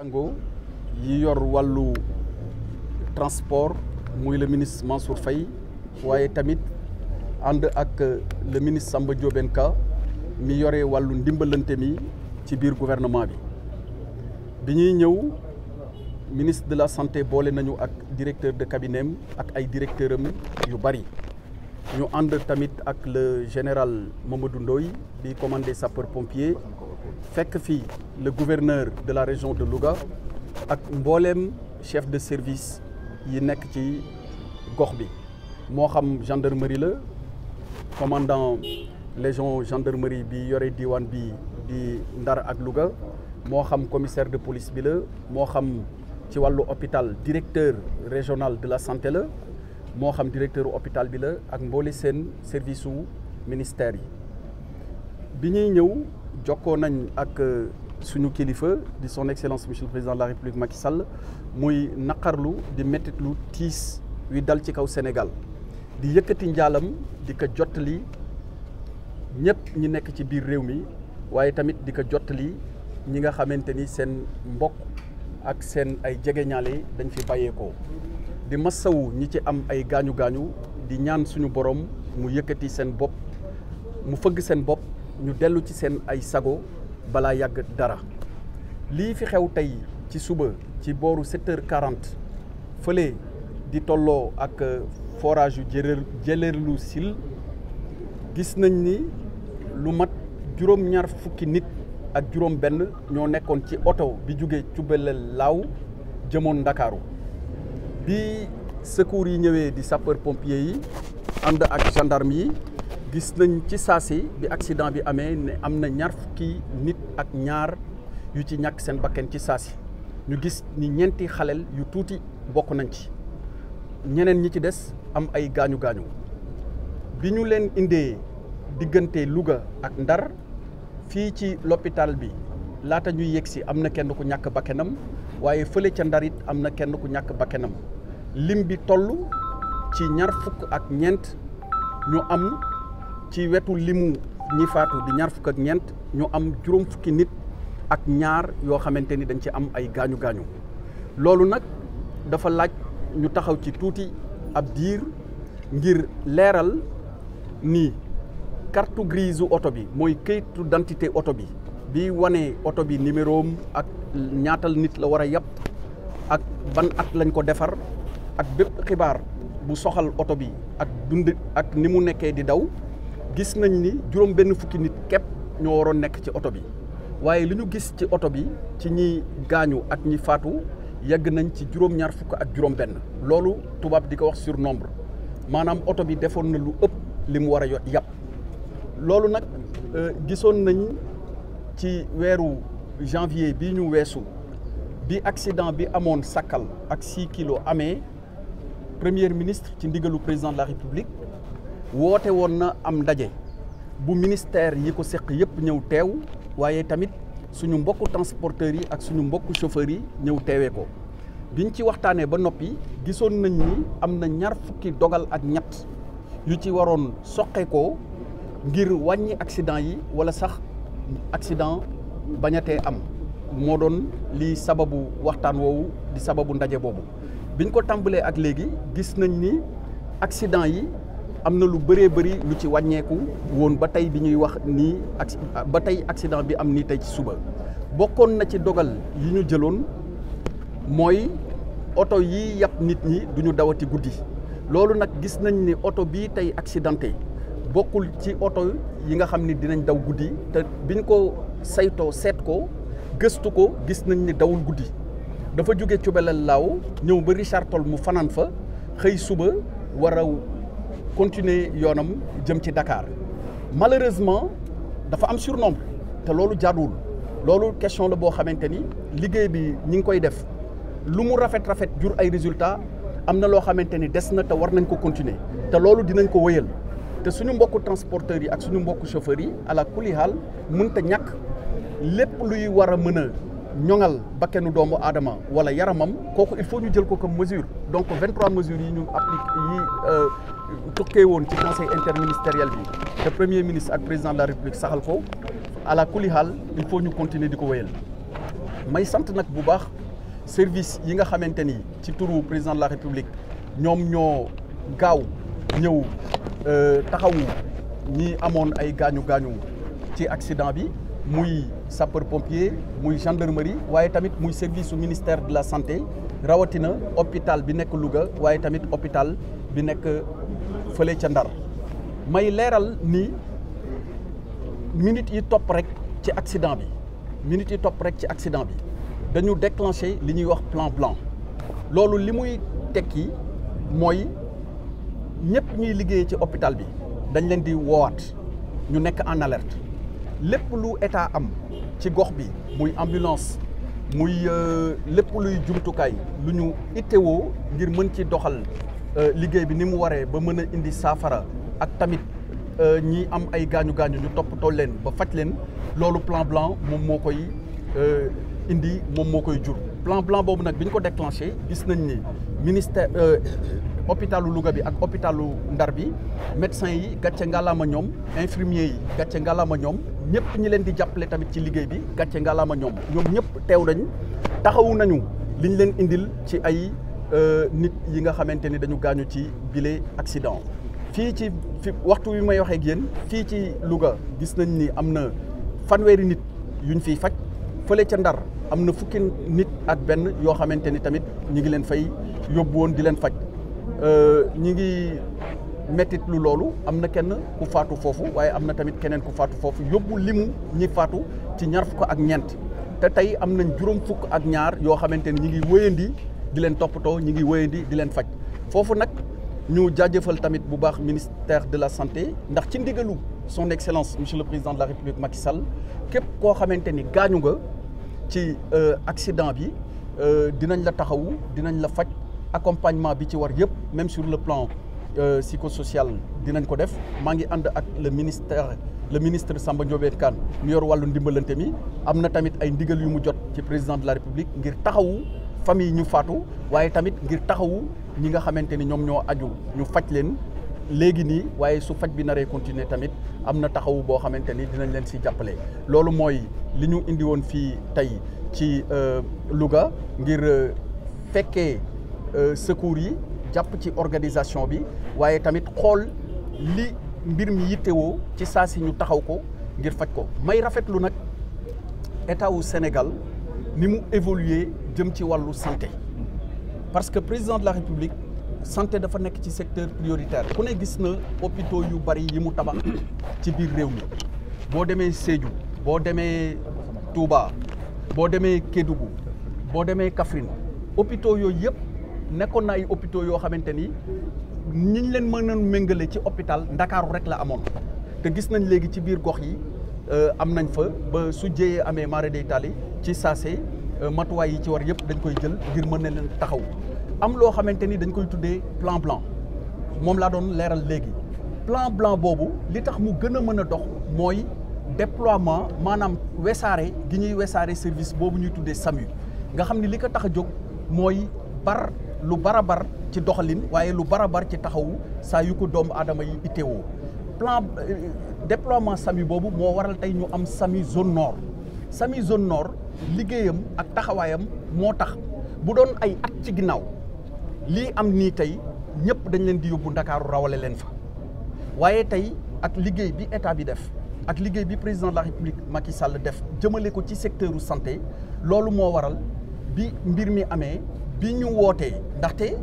sango yi yor wàllu transport muy le ministre Mansour Faye waaye tamit ànd ak le ministre Samba jobenka Ka mi yore wàllu ndimbalante mi ci biir gouvernement bi bi ñuy ñëw ministre de la sante boole nañu ak directeur de cabinet ak ay directeur am yu bari ñu ànd tamit ak le général Mamadou bi di commandé sapeur fekk fii le gouverneur de la région de luga ak mbooleem chef de service yi nekk ci gox bi moo xam gendarmerie la commandant légion gendarmerie bi yore diwaan bi di Ndar ak Louga moo xam commissaire de police bi la moo xam ci wàllu hôpital directeur régional de la santé la moo xam directeur hôpital bi la ak mboole seen service su ministère yi bi ñuy ñëw jokkoo nañ ak euh, suñu kilifa di son excellence monsieur le président de la république Macky Sall muy naqarlu di mettitlu tiis wi dal ci kaw Sénégal di yëkkati njaalam di ko jottali ñëpp ñi nekk ci biir réew mi waaye tamit di ko jottali ñi nga xamante ni seen mbokk ak seen ay jegeñaale dañ fi bàyyeekoo di masawu ñi ci am ay gaañu gaañu di ñaan suñu borom mu yëkkati seen bopp mu fëgg seen bopp. ñu dellu ci seen ay sago balaa yàgg dara lii fi xew tey ci suba ci booru 7 heures 40 fële di tolloo ak euh, forage yu jëlër jëlërlu sil gis nañ ni lu mat juróom-ñaar fukki nit ak juróom benn ñoo nekkoon ci oto bi jóge Cubbalel laaw jëmoon Ndakaaru bi secours yi ñëwee di sapeur pompier yi ànd ak gendarme yi gis nañ ci saasi bi accident bi amee ne am na ñaar fukki nit ak ñaar yu ci ñàkk seen bakken ci saasi ñu gis ni ñenti xaleel yu tuuti bokk nañ ci ñeneen ñi ci des am ay gaañu gaañu bi ñu leen indee diggante Louga ak Ndar fii ci loppitaal bi laata ñuy yegsi am na kenn ku ñàkk bakkenam waaye fële ca ndarit am na kenn ku ñàkk bakkenam lim bi toll ci ñaar fukk ak ñeent ñu am ci wetu limu ñi faatu di ñaar fukk ak ñeent ñu am juróom fukki nit ak ñaar yoo xamante ni dañ ci am ay gaañu gaañu loolu nag dafa laaj ñu taxaw ci tuuti ab diir ngir leeral ni carte grise oto bi mooy këyitu d'identité oto bi bi wane oto bi numéroom ak ñaatal nit la war a yàpp ak ban at lañ ko defar ak bépp xibaar bu soxal oto bi ak dund ak ni mu nekkee di daw gis nañ ni juróom benn fukki nit képp ñoo waroon nekk ci oto bi waaye li ñu gis ci oto bi ci ñi gaañu ak ñi faatu yegg nañ ci juróom-ñaar fukk ak juróom benn loolu tubaab di ko wax surnombre maanaam oto bi defoon na lu ëpp li mu war a yàpp loolu nag euh, gisoon nañ ci weeru janvier bi ñu weesu bi accident bi amoon Sakal ak 6 kilos amee premier ministre ci ndigalu président de la république woote woon na am ndaje bu ministère yi ko seq yëpp ñëw teew waaye tamit suñu mbokku transporteurs yi ak suñu mbokku chauffeurs yi ñëw teewee ko biñ ci waxtaanee ba noppi gisoon nañ ni am na ñaar fukki dogal ak ñett yu ci waroon soqeekoo ngir wàññi accident yi wala sax accident bañatee am moo doon li sababu waxtaan woowu di sababu ndaje boobu biñ ko tàmbalee ak léegi gis nañ ni accident yi. am na lu bëree bëri lu ci wàññeeku woon ba tey bi ñuy wax nii ba tey accident bi am nii tey ci suba bokkoon na ci dogal yi ñu jëloon mooy oto yi yàpp nit ñi duñu dawati guddi loolu nag gis nañ ni oto bii tey accidenté bokkul ci oto yi nga xam ni dinañ daw guddi te biñ ko saytoo seet ko gëstu ko gis nañ ni dawul guddi dafa jóge Cubelel laaw ñëw ba Richard Toll mu fanaan fa xëy suba war continuer yoonam jëm ci Dakar malheureusement dafa am surnombre te loolu jaaduwul loolu question la boo xamante ni liggéey bi ñi ngi koy def lu mu rafet rafet jur ay résultats am na loo xamante ni des na te war nañ ko continuer te loolu dinañ ko wëyal te suñu mbokku transporteurs yi ak suñu mbokku chauffeurs yi ala kulli haal te ñàkk lépp luy war a mën a ñoŋal bakkanu doomu aadama wala yaramam kooku il faut ñu jël ko comme mesure donc 23 mesures yi ñu applique yi. Euh, tukkee woon ci conseil interministériel bi te premier ministre ak président de la république saxal ko ala kulli haal il faut ñu continuer di ko wéyal may sant nag bu baax service yi nga xamante ni ci turu président de la république ñoom ñoo gaaw ñëw euh, taxawu ñi amoon ay gaañu gaañu ci accident bi muy sapeur pompier muy gendarmerie waaye tamit muy service su ministère de la santé rawatina hôpital bi nekk Louga waaye tamit hôpital bi nekk fële ca Ndar may leeral ni minutes yi topp rek ci accident bi minutes yi topp rek ci accident bi dañu déclenché li ñuy wax plan blanc loolu li muy tekki mooy ñëpp ñuy liggéey ci hôpital bi dañ leen di woowaat ñu nekk en alerte lépp lu état am ci gox bi muy ambulance muy euh, lépp luy jumtukaay lu ñu itteewoo ngir mën ci doxal euh, liggéey bi ni mu waree ba mën a indi saafara ak tamit euh, ñi am ay gaañu gaañu ñu toppatoo leen ba faj leen loolu plan blanc moom moo koy indi moom moo koy jur. plan blanc boobu nag bi ñu ko déclenché gis nañ ni ministère hôpitalu Louga bi ak hopitalu Ndar bi médecins yi gàcce ngalaama ñoom infirmiers yi gàcce ngalaama ñoom. ñëpp ñi leen di jàppale tamit ci liggéey bi gàcce ngalaama ñoom ñoom ñëpp teew nañ taxawu nañu liñ leen indil ci ay euh, nit yi nga xamante ni dañu gaañu ci bile accident. fii ci fi waxtu wi may waxee ak fii ci Louga gis nañ ni am na fanweeri nit yuñ fiy faj fële ca Ndar am na fukki nit ak benn yoo xamante ni tamit ñi ngi leen fay yóbbu woon di leen faj euh, ñi ngi. mettit lu loolu am na kenn ku faatu foofu waaye am na tamit keneen ku faatu foofu yóbbu limu ñi faatu ci ñaar fukk ak ñeent te tey am nañ juróom fukk ak ñaar yoo xamante ni ñi ngi wéyandi di leen toppatoo ñi ngi wéyandi di leen faj foofu nag ñu jaajëfal tamit bu baax ministère de la santé ndax ci ndigalu son excellence monsieur le président de la république Macky képp koo xamante ni gaañu nga ci euh, accident bi euh, dinañ la taxawu dinañ la faj accompagnement bi ci war yëpp même sur le plan Euh, psychosocial dinañ ko def maa ngi ànd ak le ministère le ministre Samba Ndiobène Kane mu yor wàllu ndimbalante mi am na tamit ay ndigal yu mu jot ci président de la république ngir taxawu famille ñu faatu waaye tamit ngir taxawu ñi nga xamante ni ñoom ñoo aju ñu faj leen léegi nii waaye su faj bi naree continuer tamit am na taxawu boo xamante ni dinañ leen si jàppale loolu mooy li ñu indi woon fii tey ci euh, Louga ngir euh, fekkee secours yi jàpp ci organisation bi waaye tamit xool li mbir mi yittewoo ci saa si ñu taxaw ko ngir faj ko may rafetlu nag état wu Sénégal ni mu évoluer jëm ci wàllu santé parce que président de la République santé dafa nekk ci secteur prioritaire ku ne gis na hôpitaux yu bari yi mu tabax ci biir réew mi boo demee Sédhiou boo demee Touba boo demee Kédougou boo demee Kaffrine hôpitaux yooyu yëpp nekkoon na ay hôpitaux yoo xamante ni ñiñ leen mën a méngale ci hôpital ndakaaru rek la amoon te gis nañ léegi ci biir gox yi euh, am nañ fa ba su jéyee amee mara day tali ci saase euh, matuwaay yi ci war yëpp dañ koy jël ngir mën na leen taxaw am loo xamante ni dañ koy tuddee plan blan moom laa doon leeral léegi plan blanc boobu li tax mu gën a mën a dox mooy déploiement maanaam wesaare gi ñuy wesaare service boobu ñuy tuddee SAMU nga xam ni li ko tax a jóg mooy bar lu barabar ci doxalin waaye lu barabar ci taxawu saa yu ko doomu aadama yi itteewoo plan euh, déploiement SAMU boobu moo waral tey ñu am SAMU zone nord SAMU zone nord liggéeyam ak taxawaayam moo tax bu doon ay at ci ginnaaw lii am nii tey ñëpp dañ leen di yóbbu ndakaaru rawale leen fa waaye tey ak liggéey bi état bi def ak liggéey bi président de la république Macky Sall def jëmale ko ci secteuru santé loolu moo waral bi mbir mi amee bi ñu wootee ndaxte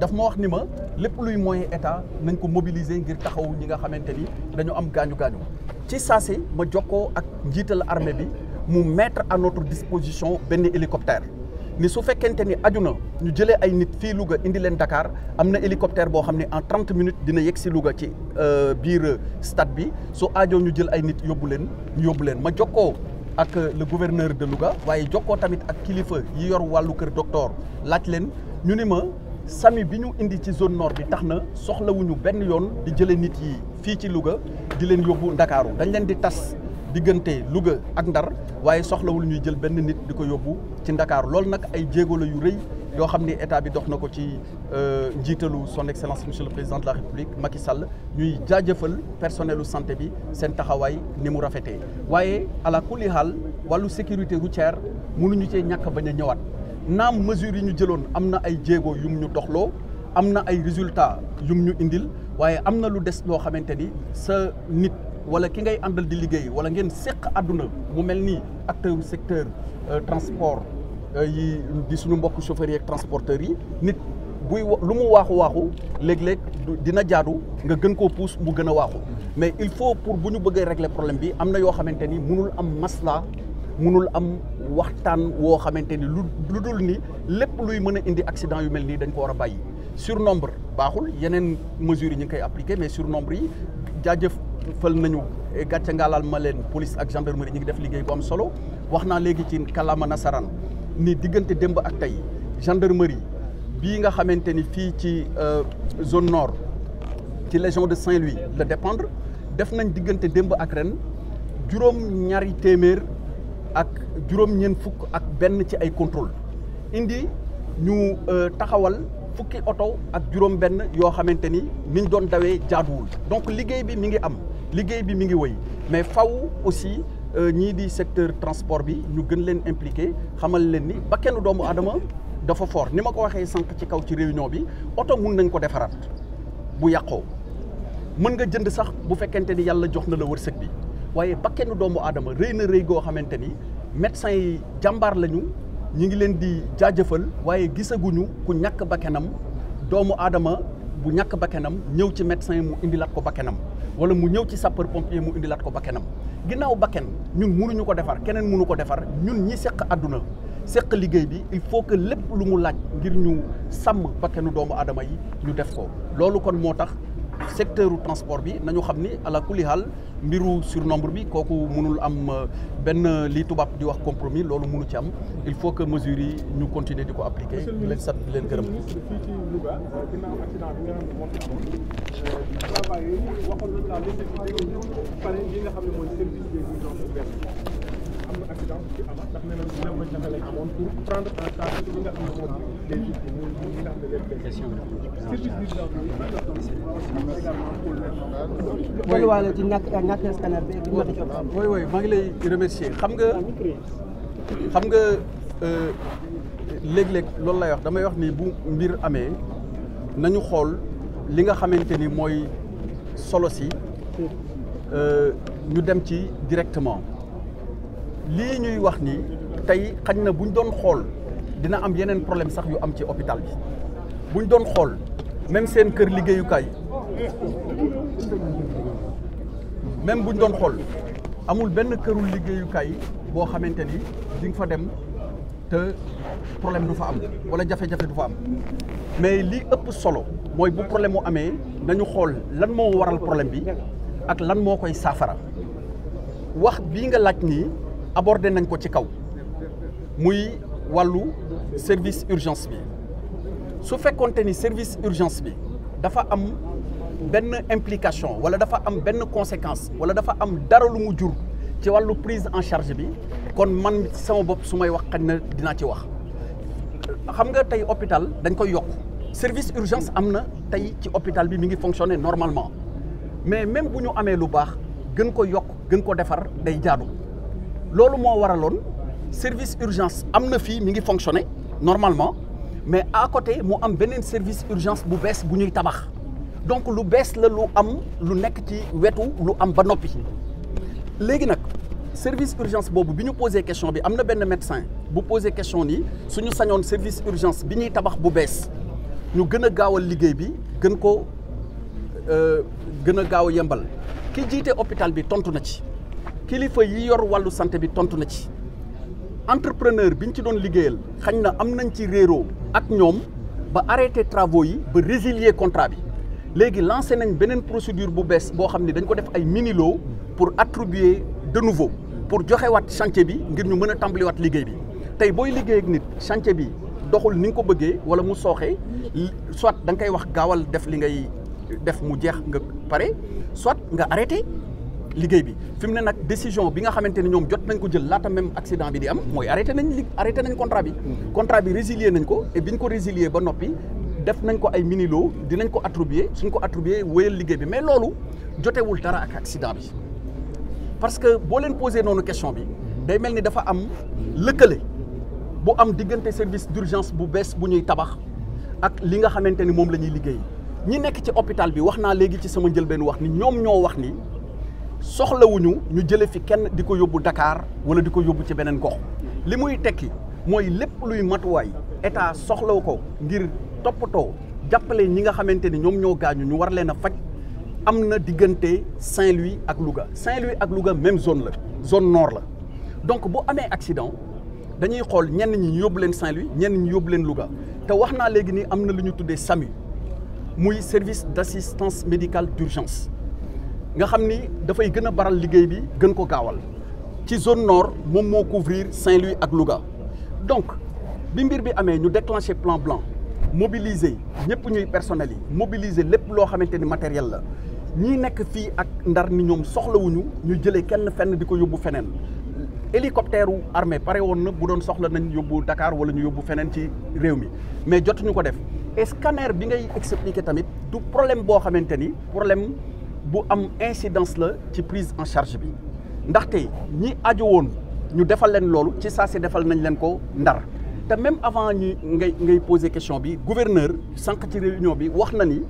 dafa ma wax ni ma lépp luy moyen état nañ ko mobiliser ngir taxaw ñi nga xamante ni dañu am gaañu gaañu ci saase ma jokkoo ak njiital armée bi mu mettre à notre disposition benn hélicoptère ni su fekkente ni aju na ñu jëlee ay nit fii Louga indi leen Dakar am na hélicoptère boo xam ne en trente minutes dina yegg si Louga ci euh, biir stade bi su ajoo ñu jël ay nit yóbbu leen ñu yóbbu leen ma jokkoo ak le gouverneur de Louga waaye jokkoo tamit ak kilifa yi yor wàllu kër docteur laaj leen ñu ni ma sami bi ñu indi ci zone nord bi tax na soxlawuñu benn yoon di jëlee nit yi fii ci Louga di leen yóbbu Ndakaaru dañ leen di tas diggante Louga ak Ndar waaye soxlawul ñuy jël benn nit di ko yóbbu ci Ndakaaru loolu nag ay jéego la yu rëy yoo xam ni état bi dox na ko ci euh, njiitalu son excellence monsieur le président de la république Macky ñuy jaajëfal personnelu santé bi seen taxawaay ni mu rafetee waaye ala kulli haal wàllu sécurité routière mënuñu cee ñàkk bañ a ñëwaat naam mesures yi ñu jëloon am na ay jéego yum ñu doxloo am na ay résultat yum ñu indil waaye am na lu des loo xamante ni sa nit wala ki ngay àndal di liggéey wala ngeen séq àdduna mu mel ni acteur secteur euh, transport yi di suñu mbokk chauffeurs yi ak transporteurs yi nit buy lu mu waaxu waaxu léeg-léeg dina jaadu nga gën koo puus mu gën a waaxu mais il faut pour bu ñu bëggee régler problème bi am na yoo xamante ni mënul am masla mënul am waxtaan woo xamante ni lu lu dul ni lépp luy mën a indi accident yu mel nii dañ ko war a bàyyi surnombre baaxul yeneen mesures yi ñu ngi koy appliqué mais surnombre yi jaajëf fël nañu eh, gàcce ngaalaal ma leen police ak gendarmerie ñu ngi def liggéey bu solo wax naa léegi ci kàllaama nasaraan ni diggante démb ak tey gendarmerie bii nga xamante ni fii ci euh, zone nord ci région de Saint-Louis la dépendre def nañ diggante démb ak ren juróom ñaari téeméer ak juróom ñeent fukk ak benn ci ay contrôle indi ñu euh, taxawal fukki oto ak juróom benn yoo xamante ni miñ doon dawee jaaduwul donc liggéey bi mi ngi am liggéey bi mi ngi woy mais faw aussi Euh, ñii di secteur transport bi ñu gën leen impliqué xamal leen ni ba doomu aadama dafa foor ni ma ko waxee sànq ci kaw ci réunion bi oto mun nañ ko defaraat bu yàqoo mën nga jënd sax bu fekkente ni yàlla jox na la wërsëg bi waaye ba kenn doomu aadama rëy na rëy goo xamante ni médecins yi jàmbaar lañu ñu ngi leen di jaajëfal waaye gisaguñu ku ñàkk bakkanam doomu aadama bu ñàkk bakkenam ñëw ci médecin mu indilaat ko bakkanam wala mu ñëw ci sapeur pompier mu indilaat ko bakkenam ginnaaw bakken ñun munuñu ko defar keneen mënu ko defar ñun ñi seq àdduna seq liggéey bi il faut que lépp lu mu laaj ngir ñu sàmm bakkanu doomu aadama yi ñu def ko loolu kon moo tax secteur transport bi nañu xam ni ala kulli haal mbiru surnombre bi kooku mënul am euh, benn li tubaab di wax compromis loolu mënu ci am il faut que mesures yi ñu continuer di ko appliquer di leen sant di leen gërëm. fii présidence bi avant amoon pour prendre en charge li nga xam ne moom bi également pour le wala maa ngi lay remercier xam nga xam nga euh, léeg-léeg loolu lay wax damay wax nii bu mbir amee nañu xool li nga xamante ni mooy solo si euh, ñu dem ci directement lii ñuy wax nii tey xañ na buñ doon xool dina am yeneen problème sax yu am ci hôpital bi buñ doon xool même seen kër liggéeyukaay même buñ doon xool amul benn këru liggéeyukaay boo xamante ni di nga fa dem te problème du fa am wala jafe-jafe du fa am mais lii ëpp solo mooy bu problème mu amee nañu xool lan moo waral problème bi ak lan moo koy saafara wax bii nga laaj nii. abordé nañ ko ci kaw muy wàllu service urgence bi su fekkoonte ni service urgence bi dafa am benn implication wala dafa am benn conséquence wala dafa am dara lu mu jur ci wàllu prise en charge bi kon man sama bopp su may wax xañ na dinaa ci wax xam nga tey hôpital dañ koy yokk service urgence am na tey ci hôpital bi mi ngi fonctionner normalement mais même bu ñu amee lu baax gën ko yokk gën ko defar day jaadu loolu moo waraloon service urgence am na fii mi ngi fonctionner normalement mais à côté mu am beneen service urgence bu bees bu ñuy tabax donc lu bees la lu am lu nekk ci wetu lu am ba noppi léegi nag service urgence boobu bi ñu posé question bi am na benn médecin bu posé question nii suñu sañoon service urgence bi ñuy tabax bu bees ñu gën a gaawal liggéey bi gën ko euh, gën a gaaw a yembal ki jiite hôpital bi tontu na ci kilifa yi yor wàllu santé bi tontu na ci entrepreneur bi ñu ci doon liggéeyal xañ na am nañ ci réero ak ñoom ba arrêté travaux yi ba résilier contrat bi léegi lancé nañ beneen procédure bu bees boo xam ne dañ ko def ay miniloo pour attribuer de nouveau pour joxewaat chantier bi ngir ñu mën a tàmbaliwaat liggéey bi tey booy liggéey ak nit chantier bi doxul ni nga ko bëggee wala mu sooxee soit da nga koy wax gaawal def li ngay def mu jeex nga pare soit nga arrêté liggéey bi fi mu ne nag décision bi nga xamante ni ñoom jot nañ ko jël laata même accident bi di am mooy arrêté nañ li arrêté nañ contrat bi. Mm. contrat bi résilier nañ ko et ko résilier ba noppi def nañ ko ay minilo dinañ ko attribuer suñ ko attribuer wéyal liggéey bi mais loolu jotewul dara ak accident bi parce que boo leen posé noonu question bi day mel ni dafa am lëkkale bu am diggante service d'urgence bu bees bu ñuy tabax ak li nga xamante ni moom la ñuy liggéey ñi nekk ci hôpital bi wax naa léegi ci sama njëlbeen wax ni ñoom ñoo wax ni. soxlawuñu ñu jële fi kenn di ko yóbbu dakaar wala di ko yóbbu ci beneen gox li muy tekki mooy lépp luy matuwaay état soxlaw ko ngir toppatoo jàppale ñi nga xamante ni ñoom ñoo gaañu ñu war leen a faj am na diggante Saint-Louis ak Louga Saint-Louis ak Louga même zone la zone nord la donc bu amee accident dañuy xool ñenn ñi ñu yóbbu leen Saint-Louis ñenn ñi yóbbu leen Louga te wax naa léegi ni am na lu ñu tuddee SAMU muy service d' assistance médicale d' nga xam ni dafay gën a baral liggéey bi gën ko gaawal ci zone nord moom moo couvrir Saint-Louis ak Louga donc bi mbir bi amee ñu déclenché plan blanc mobiliser ñëpp ñuy personnel yi mobiliser lépp loo xamante ni matériel la ñii nekk fii ak ndar ni ñoom soxlawuñu ñu jëlee kenn fenn di ko yóbbu feneen hélicoptère wu armée pare woon na bu doon soxla nañ yóbbu Dakar wala ñu yóbbu feneen ci réew mi mais jotuñu ko def et scanner bi ngay expliqué tamit du problème boo xamante ni problème bu am incidence la ci prise en charge bi ndaxte ñi aju woon ñu defal leen loolu ci saa si defal nañ leen ko ndar te même avant ñi ngay ngay poser question bi gouverneur sànq ci réunion bi wax na ni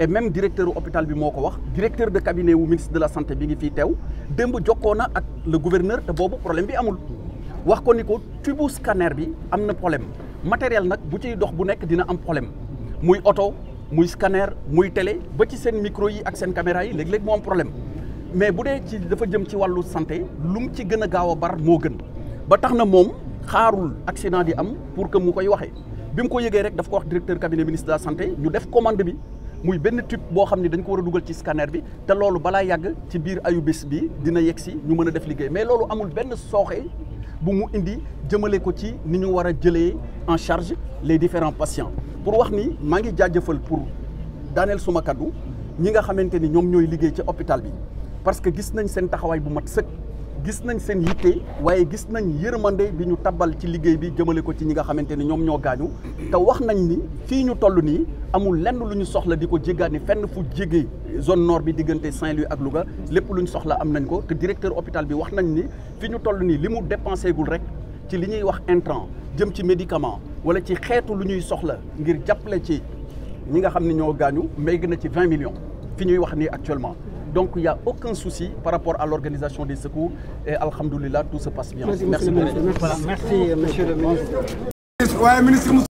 et même directeur hôpital bi moo ko wax directeur de cabinet wu ministre de la santé bi ngi fii teew démb jokkoo na ak le gouverneur te boobu problème bi amul wax ko ni ko tubu scanner bi am na problème matériel nag bu ciy dox bu nekk dina am problème muy oto muy scanner muy tele ba ci seen micro yi ak seen camera yi léeg-léeg moom am problème mais bu dee ci dafa jëm ci wàllu santé lu mu ci gën a gaaw a bar moo gën ba tax na moom xaarul accident di am pour que mu koy waxee bi mu ko yëgee rek daf ko wax directeur cabinet ministre de la santé ñu def commande bi muy benn tube boo xam ne dañ ko war a dugal ci scanner bi te loolu balaa yàgg ci biir ayu bés bi dina yegg si ñu mën a def liggéey mais loolu amul benn sooxe bu mu indi jëmale ko ci ni ñu war a jëlee en charge les différents patients pour wax ni maa ngi jaajëfal pour daaneel suma kaddu ñi nga xamante ni ñoom ñooy liggéey ci hôpital bi parce que gis nañ seen taxawaay bu mat sëkk gis nañ seen yitte waaye gis nañ yërmande bi ñu tabal ci liggéey bi jëmale ko ci ñi nga xamante ni ñoom ñoo gaañu te wax nañ ni fii ñu toll nii amul lenn lu ñu soxla di ko ni fenn fu jégee zone nord bi diggante Saint-Louis ak Louga lépp lu ñu soxla am nañ ko te directeur hôpital bi wax nañ ni fii ñu toll nii li mu dépensé gul rek ci li ñuy wax intrant jëm ci médicament wala ci xeetu lu ñuy soxla ngir jàpp jàppale ci ñi nga xam ni ñoo gaañu may na ci vingt millions fi ñuy wax nii actuellement donc il y a aucun souci par rapport à l'organisation des secours et alhamdulillah tout se passe bien. merci beaucoup merci monsieur le ministre. waaye ministre